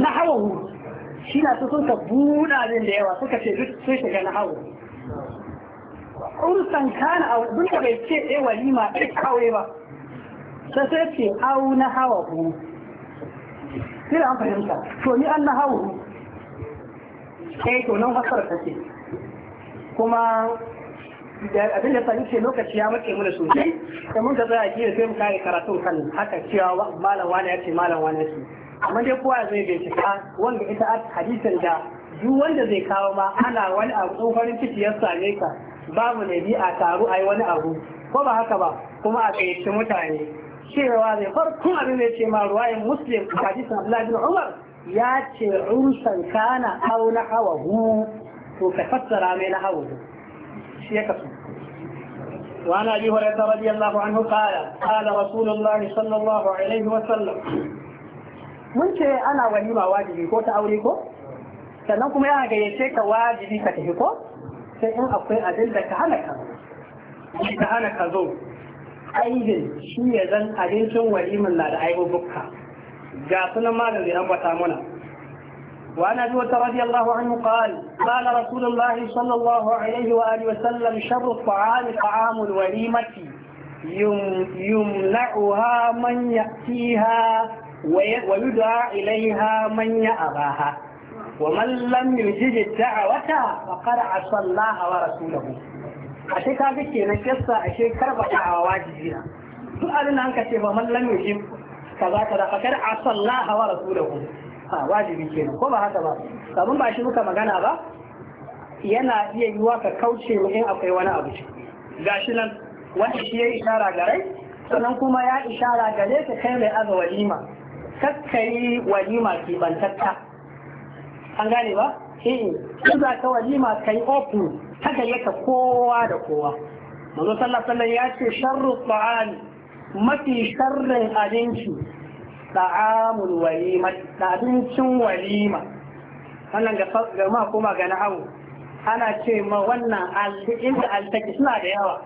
na hu shi na su sun ka buɗa da yawa suka ce duk sun shiga na hawa ursan kana a da bai ce eh walima eh kawai ba sai sai ce au na hawa ku sai an fahimta to ni an na hawa sai eh, to nan hasara ce kuma da abin da sani ce lokaci ya mace mana sosai da mun ga za a ji da sai mu kare karatun kan haka cewa malam wani ya ce malam wani ya ce amma dai kowa zai bincika wanda ita hadisin da duk wanda zai kawo ma ana wani abu farin ciki ya same ka babu laifi a taru a yi wani abu ko ba haka ba kuma a tsayyace mutane cewa zai farkon abin da ce ma yin muslim a hadisin abdullahi bin umar ya ce rusan kana hau na hu to ka fassara mai na hawahu shi ya kasu وعن ابي هريره رضي الله عنه قال قال رسول الله صلى الله عليه وسلم mun ce ana walima wajibi ko ta aure ko sannan kuma yana gayyace ka wajibi ka tafi ko sai in akwai abin da ka hana ka zo ka hana ka zo aibin shi ya zan abincin walimin na da aibubukka ga sunan malam zai ambata muna وعن ابي هريره رضي الله عنه قال قال رسول الله صلى الله عليه واله وسلم شر الطعام طعام الوليمه يمنعها من ياتيها ويدعى اليها من ياباها ومن لم يجد الدعوة فقد عصى الله ورسوله ashe ka ga kenan kissa ashe karba da'awa wajibi na duk abin da hanka ce ba man lam yujib kaza kaza fakar asallaha wa rasulahu ha wajibi kenan ko ba haka ba sabon ba shi muka magana ba yana iya yiwa ka kauce mu in akwai wani abu gashi nan wanda shi ya ishara ga sannan kuma ya ishara gare ka kai mai aza walima kakkai walima kibantatta an gane ba eh in za ka walima kai open ta gayyata kowa da kowa mazo Sallah sallah ya ce sharru ta'ani mafi sharrin abinci ta'amul walima abincin walima wannan ga ga ma kuma ga na'amu ana ce ma wannan al-in da al-taki suna da yawa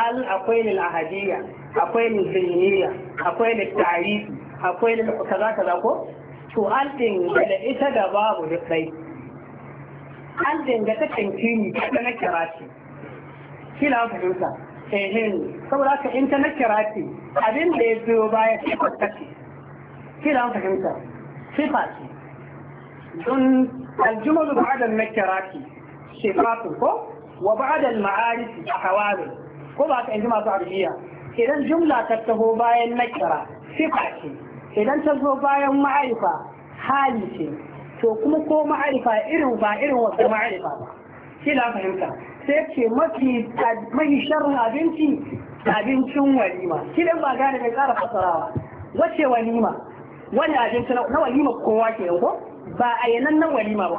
al akwai lil ahadiyya akwai lil zainiyya akwai lil ta'rifi akwai lil kaza kaza ko سؤال تنجل إيسا دباب ورقائي أنت انجلت تنكيني كتنا كراتي كلا فجوزا إيهن سولا كنت نكراتي أدين ليزيو باية تكتكي كلا فجوزا صفاتي دون الجمل بعد النكراتي صفاتك وبعد المعارف الحوالي كلا فجوزا إذا الجملة تتهو باية النكرة صفاتي idan ta zo bayan ma'arifa hali ce to kuma ko ma'arifa irin ba irin wasu ma'arifa ba shi na fahimta sai ce mafi mafi sharrin abinci abincin walima shi dan ba gane mai tsara fasarawa wace walima wani abinci na walima kowa ke ko ba a yanan nan walima ba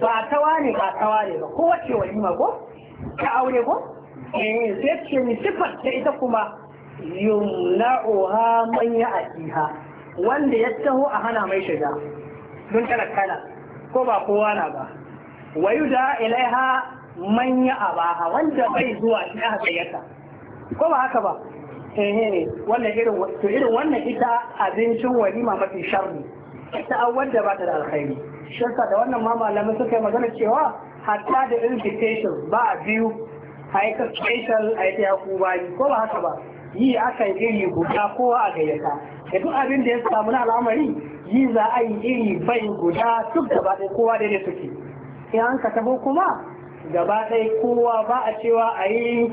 ba ta wane ba ta wane ba ko wace walima ko ta aure ko eh sai ce ni sifar ta ita kuma yumna'uha man ya'tiha wanda ya taho a hana mai shiga don talakana ko ba kowa na ba wayu da ilaiha manya baha wanda bai zuwa shi a gayyata ko ba haka ba ehe wannan irin to irin wannan ita abincin walima mafi sharri ita awwal da ba ta da alkhairi shi da wannan ma malama suka yi magana cewa hatta da invitation ba a biyu a yi special a yi ta ko ba haka ba yi aka iri guda kowa a gayyata da duk abin da ya samu na al'amari yi za a yi iri bai guda duk gaba ɗaya kowa daidai suke in an ka taho kuma gaba ɗaya kowa ba a cewa a yi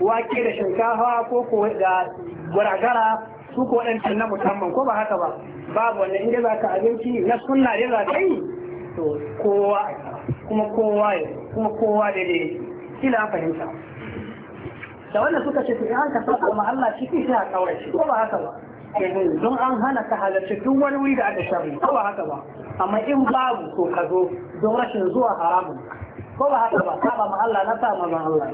wake da shinkafa ko ko da gwaragara su ko waɗancan na musamman ko ba haka ba babu wanda inda za ka abinci na sunna da za ka yi to kowa kuma kowa kuma kowa daidai kila fahimta da wanda suka ce to in an ka saba ma shi ciki sai a kawai shi ko ba haka ba eh, don an hana ka halarci duk wani wuri da aka sharri ko ba haka ba amma in babu to ka zo don rashin zuwa haramun ko ba haka ba saba ma Allah na saba ma Allah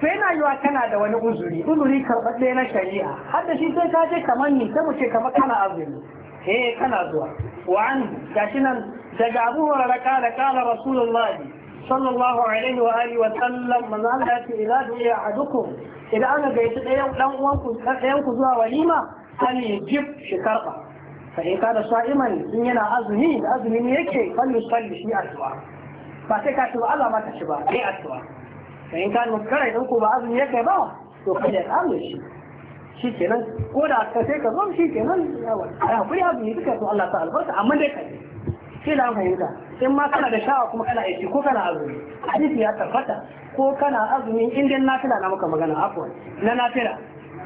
to yana yiwa kana da wani uzuri uzuri ɗaya na shari'a har da shi sai ka je kamar ni sai mu ce kamar kana azumi eh kana zuwa wa an gashi nan daga Abu Hurairah kana kana Rasulullahi صلى الله عليه وآله وسلم من الله إذا دعي أحدكم إذا أنا جيت يوم زوا وليمة أن يجب شكربة فإن كان صائما إن ينا أزمي أزمي يكي فليصلي شيء أسوا فسيك أسوا على ما تشبه أي أسوا فإن كان مسكرا يدوكو بأزمي يكي با يقول لك أمر شيء shi kenan ko da ka sai ka zo shi kenan yawa a hakuri abin yi duka to Allah ta albarka amma dai ka kila an fahimta in ma kana da shawa kuma kana aiki ko kana azumi hadisi ya tabbata ko kana azumi in dai tana na muka magana afwan na na nafila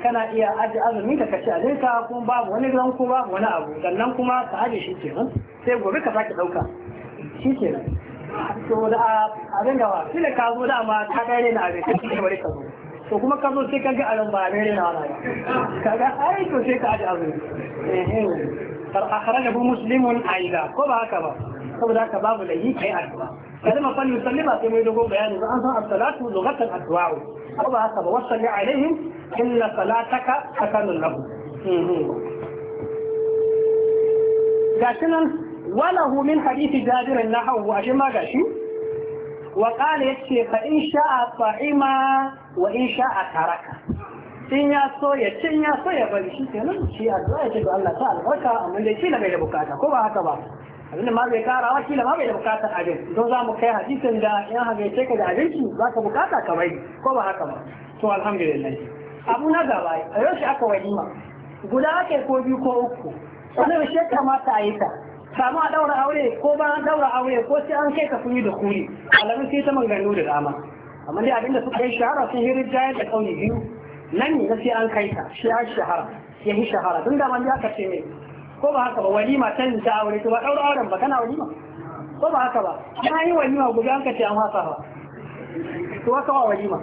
kana iya aji azumi da kace alaika kuma babu wani gidan ko babu wani abu sannan kuma ka aje shi kenan sai gobe ka sake dauka shi kenan to da abin da wa kila ka zo da ma ka ne na aje ka bari ka zo to kuma ka zo sai ka ga a ran ba dare na wani kaga ai to sai ka aji azumi eh eh أخرجه مسلم أيضا كما هكذا كما ذاك باب ليه أي كلمة فليصلي ما كما له بيان أن الصلاة لغة الأدعاء كما هكذا وصل عليهم إن صلاتك حسن لهم gashi وله من حديث hadisi النحو na hau وقال ma gashi wa kala yace fa in in ya so ya ce ya so ya bari shi ke nan shi zuwa ya ce ga Allah ta albarka amma dai kila bai da bukata ko ba haka ba abinda ma bai karawa kila ma bai da bukatar abin don za mu kai hadisin da in ce ka da abinci za ka bukata ka bai ko ba haka ba to alhamdulillah abu na gaba a yau shi aka walima guda ake ko biyu ko uku wani ya kamata a yi ta samu a daura aure ko ba daura aure ko sai an kai ka kuni da kuri alamun sai ta maganganu da dama amma dai abinda suka yi shahara sun yi rijiyar da kauni biyu nan ne sai an kai ta shi ya shahara ya yi shahara tun da wani ya ce ne ko ba haka ba walima ta yi ta aure to ba ɗaura auren ba kana walima ko ba haka ba ya yi walima guda an ce an haka ba to haka wa walima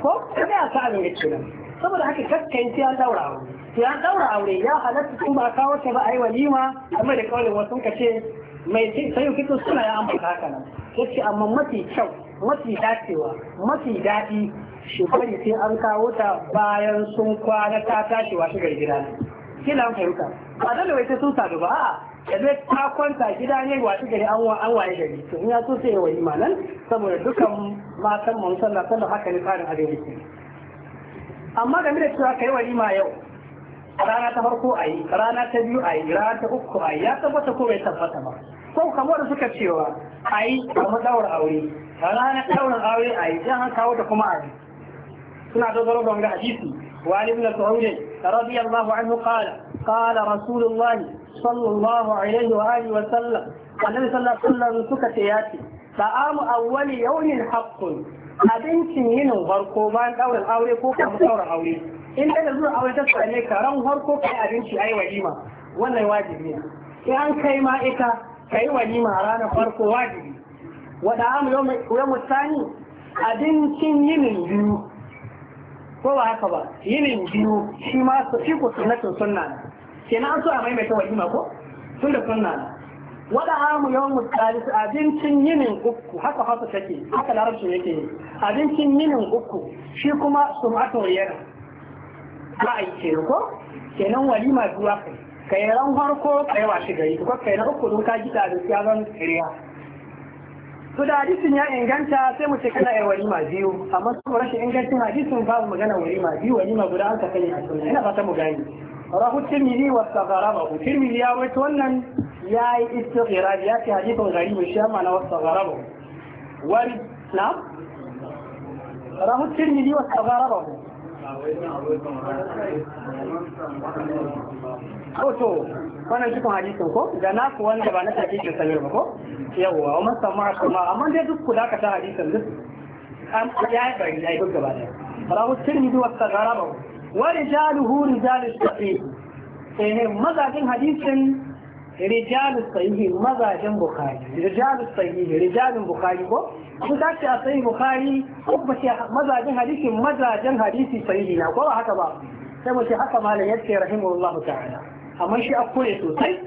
ko kada sa abin da ke nan saboda haka kakkai sai an daura aure to ya daura aure ya halatta tun ba kawo ta ba ai walima amma da kawai wasu kace mai sai fito suna ya ambata haka nan yace amma mafi kyau mafi dacewa mafi daɗi shi sai an kawo ta bayan sun kwana ta tashi washe gari gida ne kila an fahimta ba dole wai ta sun sadu ba Ya yanzu ta kwanta gida ne washe gari an wa an waye gari to in ya so sai wani malan saboda dukan matan mun sallah sallah haka ne tsarin abin yake amma game da cewa kai ma yau rana ta farko a yi rana ta biyu a yi rana ta uku a yi ya tabbata ko bai tabbata ba ko kamar da suka cewa a yi a daura aure Rana daura aure a yi jan kawo da kuma a yi سنة ضربهم لحديثي وعن ابن سعود رضي الله عنه قال قال رسول الله صلى الله عليه وآله وسلم sallar صلى suka عليه وسلم سكت ياتي طعام أول يوم حق abincin yin farko bayan ɗaurin aure ko kamar ɗaurin aure in da zuwa aure ta tsane ka ran farko kai abinci ai walima wannan wajibi ne in an kai ma ita kai walima ranar farko wajibi da amu yau mutane abincin yin biyu ko ba haka ba yinin biyu shi ma shi ko sunnatin sunna kenan an so a maimaita walima ko tun da sunna na wada amu yawan mutalis abincin yinin uku haka haka take haka larabcin yake yi abincin yinin uku shi kuma sumatun riyar ra'ayi ce ko kenan walima biyu kai kai ran farko kai wa shi gari ko kai na uku don ka ji da abin ya zan riya to da hadisin ya inganta sai mu ce kana yin walima biyu amma saboda rashin ingancin hadisin mu magana walima biyu walima guda an ta ne a sunna ina fata mu gani rahu tirmidhi wa sagharaba tirmidhi ya wato wannan yayi istighrar ya ce hadisin gari mu sha na wa sagharaba Wani na rahu tirmidhi wa sagharaba Auto, wannan cikin hadisin ko da na ku wanda ba na tafi ke sabir ba ko yawwa wa man sama kuma amma dai duk ku dakata hadisin duk an ya yi bari yi duk gaba da rawu tirmidhi wa sagaraba wa rijaluhu rijalu sahih eh mazajin hadisin rijalu sahihi mazajin bukhari rijalu sahihi رجال bukhari ko ku tashi a sahihi bukhari ko ba ce mazajin hadisi mazajin hadisi sahihi na ko haka ba sai mu ce haka malam yace rahimahullahu ta'ala amma shi a kure sosai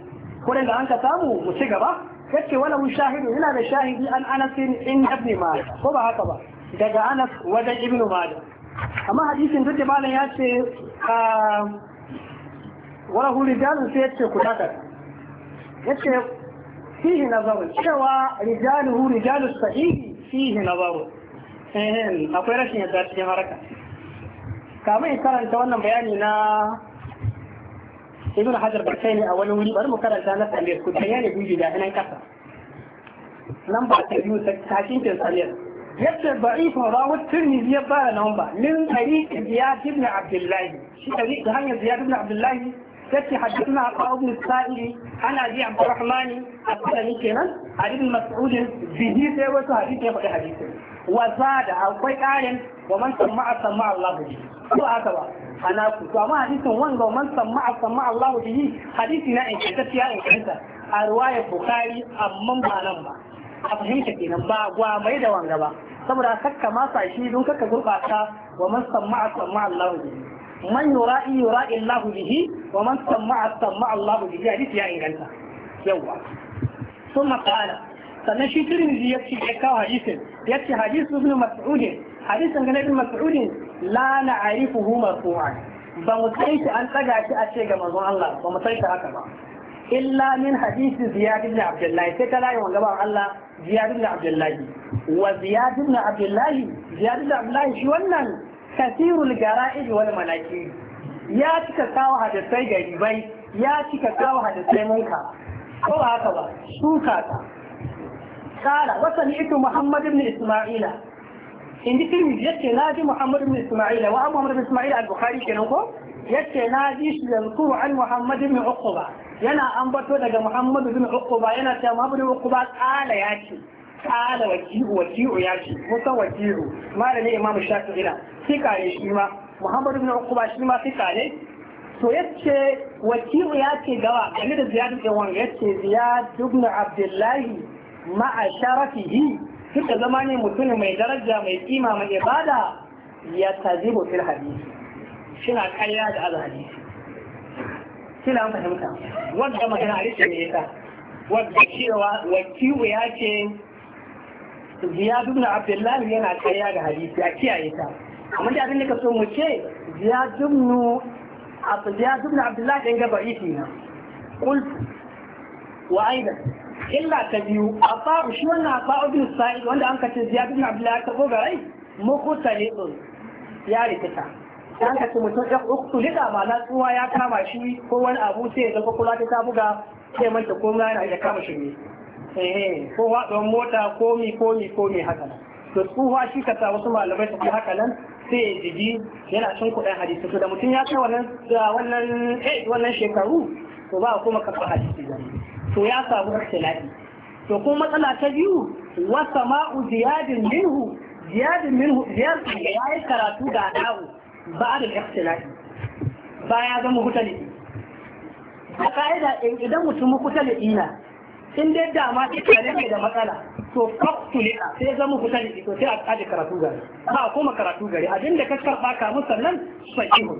kuren da an ka samu mu ci gaba yace wala mun shahidu yana da shahidi an anasin in ibn ma ko ba haka ba daga anas wajen ibn majah amma hadisin duk da malam ya ce ah, wala hu rijalun sai ce ku dakar yace fihi nazarun cewa rijaluhu rijalus sahihi fihi nazarun eh, akwai rashin yadda cikin haraka kamar karanta wannan bayani na ibn hajar ba kai ne a wani wuri bari mu karanta na samir ku bayani duji da nan kasa nan ba ta biyu sakin tin samir yadda da'if rawu tirmidhi ya fara nan ba min tariq ziyad ibn abdullah shi tariq hanya ziyad ibn abdullah yace hadithuna qawl ibn sa'id ana ji abdurrahman asani kenan hadith mas'ud bihi sai wasu hadith ya faɗi hadith wa zada akwai ƙarin wa man sama'a sama'a Allah bihi ko haka ba ana ku to amma hadisin wanga man samma samma Allahu bihi hadisi na in ya in kaita a riwayar Bukhari amma ba nan ba a fahimta kenan ba gwa mai da wanga ba saboda kakka masa shi don kakka gurbata wa man samma samma Allahu bihi man yura'i yura'i Allahu bihi wa man samma samma Allahu bihi hadisi ya inganta yawa ثم قال sannan shi Tirmidhi ya ya kawo hadisin ya hadisi ibn Mas'ud hadisin ga nabi mas'udin la na'rifuhu marfu'an ba mu sai shi an tsaga shi a ce ga manzon Allah ba mu sai shi haka ba illa min hadisi ziyad ibn abdullah sai ta layi wanga ba Allah ziyad ibn abdullah wa ziyad ibn abdullah ziyad ibn abdullah shi wannan kasirul gara'id wal malaki ya cika kawo hadisai garibai ya cika kawo hadisai munka ko haka ba shuka ta kala wasa ni muhammad ibn isma'ila in ji kirmi yace na ji muhammad ibn isma'ila wa an muhammad ibn isma'ila al-bukhari kenan ko yace na ji shi yanzu an muhammad ibn uquba yana ambato daga muhammadu bin uquba yana cewa muhammad ibn uqba qala yace qala waki'u waki'u yace musa waki'u malami imam shafi'i na sai kare shi ma muhammadu bin uquba shi ma sai kare to yace waki'u yace gawa game da ɗin wani wanga yace ziyad ibn abdullahi ma'a sharafihi suka da zama ne mutum mai daraja mai kima mai ibada ya tazibu fil hadisi shina kariya da al hadisi shina fahimta wanda magana hadisi ne ka wanda cewa wakiyu ya ce ziyadu na abdullahi yana kariya da hadisi a kiyaye ta amma da abin da ka so mu ce ziyadu nu abdullah na abdullahi ɗan gaba isi na قلت وأيضا illa ta biyu a faru shi wannan a faru bin sa'id wanda an kace ziyar bin abdullahi ta goga rai mukuta ne ya rikita an kace mutum ya uktu lida ma na tsuwa ya kama shi ko wani abu sai ya zama kula ta buga sai manta ko ma yana kama shi ne ko haɗon mota ko mi ko mi ko mi haka to tsuwa shi ka sa wasu malamai su haka nan sai ya jigi yana cin kuɗin hadisi to da mutum ya kai wannan wannan shekaru to ba a kuma karɓar hadisi gari to ya samu ikhtilafi to kuma matsala ta biyu wa sama'u ziyadin minhu ziyadin minhu ziyadin da yayi karatu ga dawo ba da ikhtilafi ya zama mutali a ka'ida idan mutum mutali ina in dai dama ta kare da matsala to ne sai zama kusa to sai a kaje karatu gari ba kuma karatu gari Abinda da ka karba ka musannan fakihu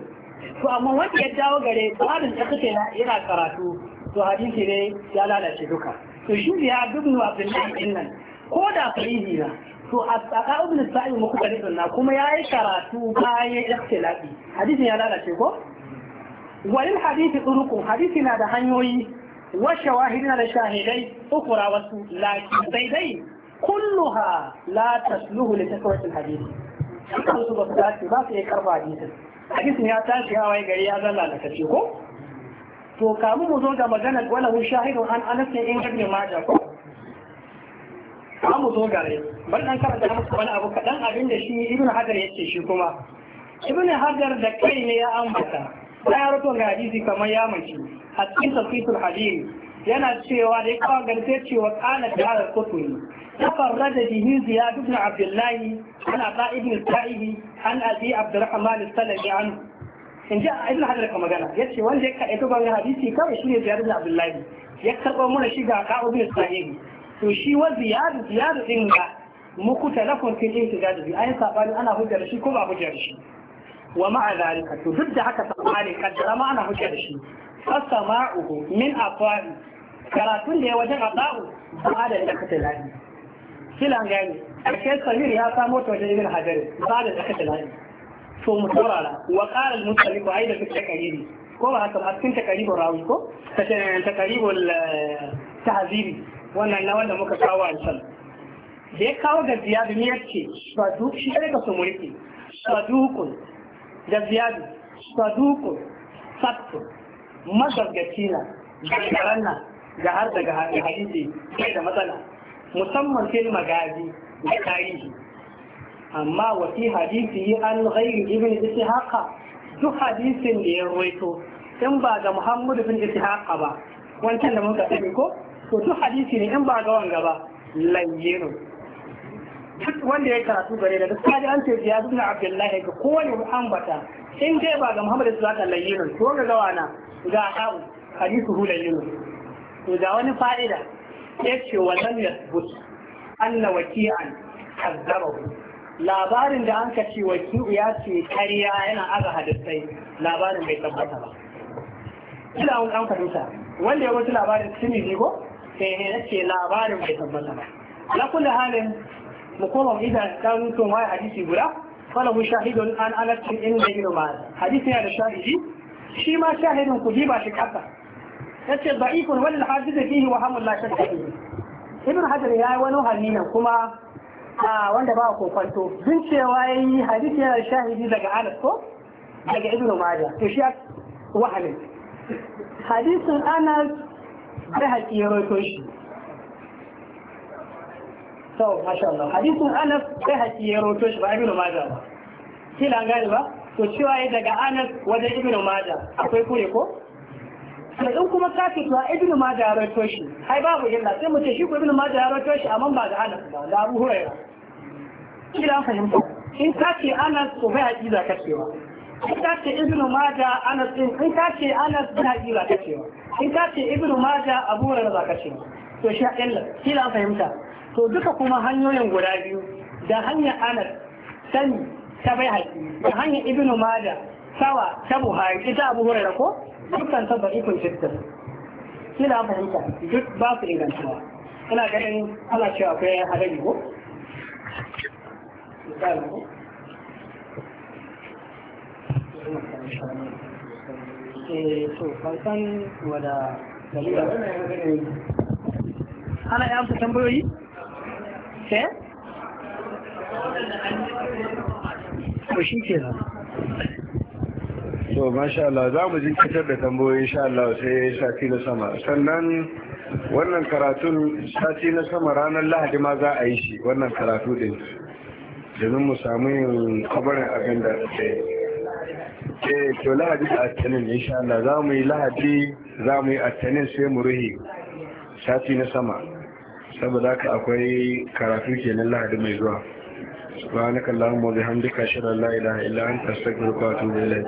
to amma wanda ya dawo gare tsarin da kake yana karatu to hadisi ne ya lalace duka to shi ne ya dubnu a din nan ko da sahihi na to a tsaka ibn sa'id muku gari sunna kuma ya yi karatu bayan ikhtilafi hadisin ya lalace ko walin hadisi turuqun hadisi na da hanyoyi wa shawahidina da shahidai ukura wasu lakin daidai kulluha la tasluhu li takwatin hadisi kan su ba su dace ba su yi karba hadisin hadisin ya tashi hawaye gari ya zalla da kace ko to kamu mu zo ga magana wala hu shahidu an anas ne in ibn majah ko mu zo ga rai. bar dan karanta muku wani abu kadan abin da shi ibn hajar yace shi kuma ibn hajar da kai ne ya ambata sai ya rubuta ga hadisi kamar ya mace a cikin tafsirul hadisi yana cewa da ya ga garfe cewa kana da harar kuturi تفرد به زياد بن عبد الله عن عطاء بن السائب عن ابي عبد الرحمن السلمي عنه in ji a ibn hajar ka magana ya ce wanda ya kaɗaita ban hadisi kawai shi ne ziyar da abdullahi ya karɓo mana shi ga ka'u bin sahibi to shi wa ziyar ziyar din ga muku talafon fil intidad bi ayin sabani ana hujjar shi ko ba hujjar shi wa ma'a zalika to duk da haka sabani kaddara ma ana hujjar shi fasama'uhu min afwani karatun da ya wajen adau ba da dakata lahi kila gani ake samir ya samo ta wajen ibn hajar ba da dakata lahi to mu saurara wa qala al-mustalim ai da fitta karibi ko ba haka ba cikin takaribul rawi ko takaribul eh, tahzibi wannan na wanda muka kawo a can da ya kawo da ziyadu ne yace sadu shi kare ka sumurki sadukun da ziyadu dukun, sattu mazargaci na gangaren na ga har daga hadisi sai da matsala musamman fil magazi da tarihi amma wasi hadisi hadisi an ghairi ibn ishaqa duk hadisin da ya ruwaito in ba ga muhammadu bin ishaqa ba wancan da muka tafi ko to duk hadisi ne in ba ga wanga ba layyinu duk wanda ya karatu gare da duk kaji an ce ya zuna abdullahi ga kowane ambata in dai ba ga muhammadu su zaka layyinu to ga gawana ga haɗu hadisu hu layyinu to ga wani fa'ida ya ce wa lam yasbut anna waki'an kazzabahu labarin da an kace wakilu ya ce kariya yana aza hadisai labarin bai tabbata ba ina an an fahimta wanda ya wasu labarin tirmidhi ko sai ne ce labarin bai tabbata ba ala kulli halin mu koma idan dan to mai hadisi guda fala mu shahidun an alatin inda ibn ma'az hadisi yana da shahidi shi ma shahidin ku ba shi kasa yace da'ifun wal hadith fihi wa hamul la shakka ibn hajar yi wani hadinan kuma a wanda ba kokwanto sun cewa yi hadisi yana shahidi daga anas ko daga ibn majah to shi wahalin hadisin anas da haƙi ya roto shi so masha Allah hadisin anas da haƙi ya roto shi ba ibn majah ba kila an gane ba to cewa yi daga anas wajen ibn majah akwai kure ko to in kuma ka ce to ibn majah rawaito shi ai babu illa sai mu ce shi ko ibn majah rawaito shi amma ba da Anas ba ga Abu Hurairah kila fahimta in ka ce Anas to bai haƙi za ka cewa in ka ce ibn majah Anas din in ka ce Anas bai haƙi za ka cewa in ka ce ibn majah Abu Hurairah za ka cewa to shi illa kila fahimta to duka kuma hanyoyin guda biyu da hanyar Anas sani ta bai haƙi da hanyar ibn majah sawa ta Buhari ita Abu Hurairah ko dukkan ta da ikon shirkin kina fahimta duk ba su ingantuwa ina ganin ana cewa akwai hadari ko eh to farkon wada ana yi amsa tambayoyi? ke? ko shi ke so masha Allah za mu jinkitar da tambayoyi insha Allah sai sati na sama sannan wannan karatun sati na sama ranar lahadi ma za a yi shi wannan karatu din domin mu samu yin kabarin abin da ke eh, to lahadi da attanin insha Allah za mu yi lahadi za mu yi attanin sai mu ruhi sati na sama saboda haka akwai karatu kenan lahadi mai zuwa subhanaka allahumma wa bihamdika ashhadu an la ilaha illa anta astaghfiruka wa atubu ilayk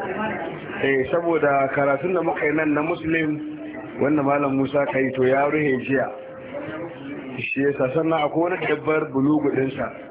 eh saboda karatun da muka yi nan na muslim wannan malam Musa kai to ya ruhe jiya shi yasa sannan akwai wani dabbar bulugu dinsa